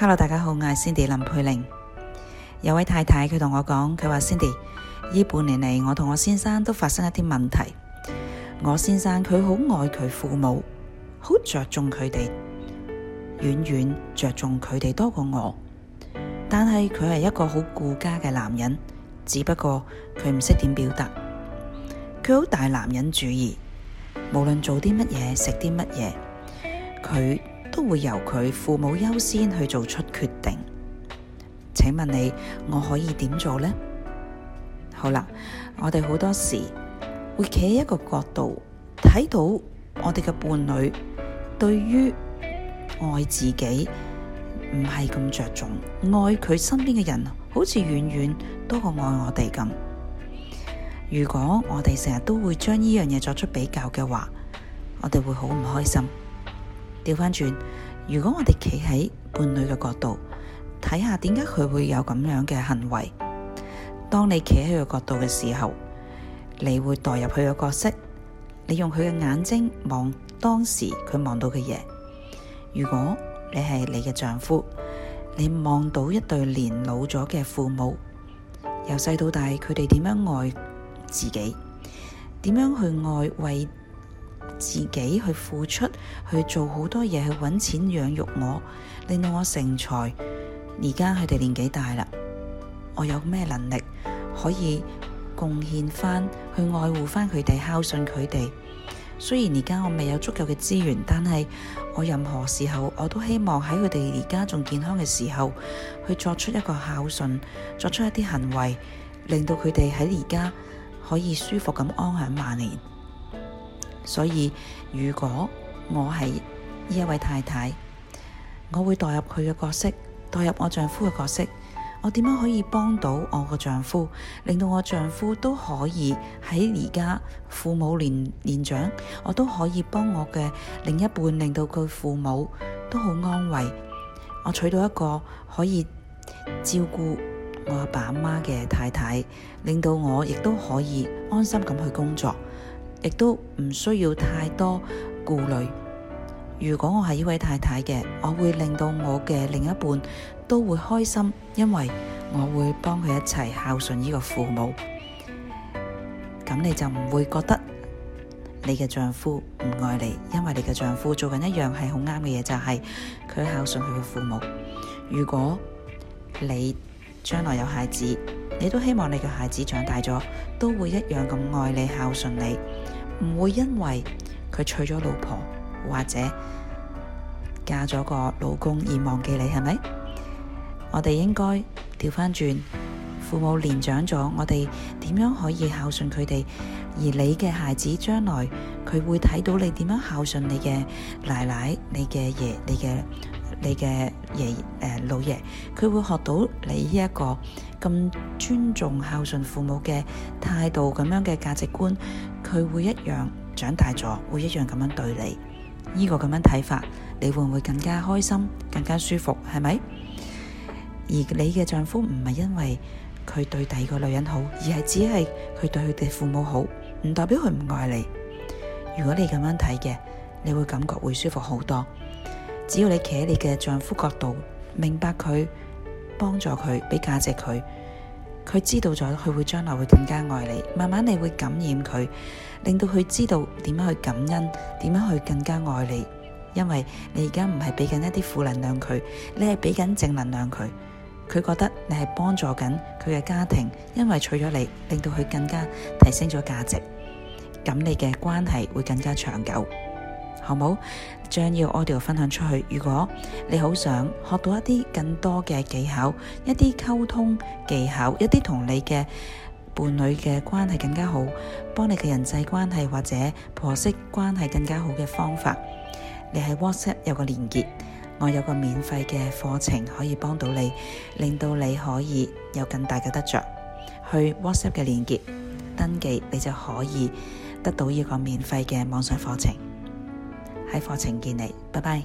Hello，大家好，我係 Cindy 林佩玲。有位太太佢同我講，佢話 Cindy，呢半年嚟我同我先生都發生一啲問題。我先生佢好愛佢父母，好着重佢哋，遠遠着重佢哋多過我。但係佢係一個好顧家嘅男人，只不過佢唔識點表達，佢好大男人主義，無論做啲乜嘢，食啲乜嘢，佢都會由佢父母優先去做出決定。請問你，我可以點做呢？好啦，我哋好多時會企喺一個角度睇到我哋嘅伴侶對於愛自己唔係咁着重，愛佢身邊嘅人好似遠遠多過愛我哋咁。如果我哋成日都會將呢樣嘢作出比較嘅話，我哋會好唔開心。調返轉，如果我哋企喺伴侶嘅角度睇下，點解佢會有咁樣嘅行為？當你企喺佢個角度嘅時候，你會代入佢個角色，你用佢嘅眼睛望當時佢望到嘅嘢。如果你係你嘅丈夫，你望到一對年老咗嘅父母，由細到大佢哋點樣愛自己，點樣去愛為？自己去付出，去做好多嘢，去揾錢養育我，令到我成才。而家佢哋年紀大啦，我有咩能力可以貢獻翻，去愛護翻佢哋，孝順佢哋。雖然而家我未有足夠嘅資源，但係我任何時候我都希望喺佢哋而家仲健康嘅時候，去作出一個孝順，作出一啲行為，令到佢哋喺而家可以舒服咁安享晚年。所以，如果我係呢一位太太，我會代入佢嘅角色，代入我丈夫嘅角色。我點樣可以幫到我個丈夫，令到我丈夫都可以喺而家父母年年長，我都可以幫我嘅另一半，令到佢父母都好安慰。我娶到一個可以照顧我阿爸阿媽嘅太太，令到我亦都可以安心咁去工作。亦都唔需要太多顧慮。如果我係呢位太太嘅，我會令到我嘅另一半都會開心，因為我會幫佢一齊孝順呢個父母。咁你就唔會覺得你嘅丈夫唔愛你。因為你嘅丈夫做緊一樣係好啱嘅嘢，就係佢孝順佢嘅父母。如果你將來有孩子，你都希望你嘅孩子長大咗都會一樣咁愛你，孝順你。唔會因為佢娶咗老婆或者嫁咗個老公而忘記你係咪？我哋應該調翻轉，父母年長咗，我哋點樣可以孝順佢哋？而你嘅孩子將來佢會睇到你點樣孝順你嘅奶奶、你嘅爺、你嘅你嘅爺誒、呃、老爺，佢會學到你呢一個咁尊重孝順父母嘅態度，咁樣嘅價值觀。佢會一樣長大咗，會一樣咁樣對你。呢個咁樣睇法，你會唔會更加開心、更加舒服？係咪？而你嘅丈夫唔係因為佢對第二個女人好，而係只係佢對佢哋父母好，唔代表佢唔愛你。如果你咁樣睇嘅，你會感覺會舒服好多。只要你企喺你嘅丈夫角度，明白佢，幫助佢，俾價值佢。佢知道咗，佢會將來會更加愛你。慢慢你會感染佢，令到佢知道點樣去感恩，點樣去更加愛你。因為你而家唔係畀緊一啲負能量佢，你係畀緊正能量佢。佢覺得你係幫助緊佢嘅家庭，因為娶咗你，令到佢更加提升咗價值。咁你嘅關係會更加長久。好冇？將要 audio 分享出去。如果你好想學到一啲更多嘅技巧，一啲溝通技巧，一啲同你嘅伴侶嘅關係更加好，幫你嘅人際關係或者婆媳關係更加好嘅方法，你喺 WhatsApp 有個連結，我有個免費嘅課程可以幫到你，令到你可以有更大嘅得着。去 WhatsApp 嘅連結，登記，你就可以得到呢個免費嘅網上課程。喺課程見你，拜拜。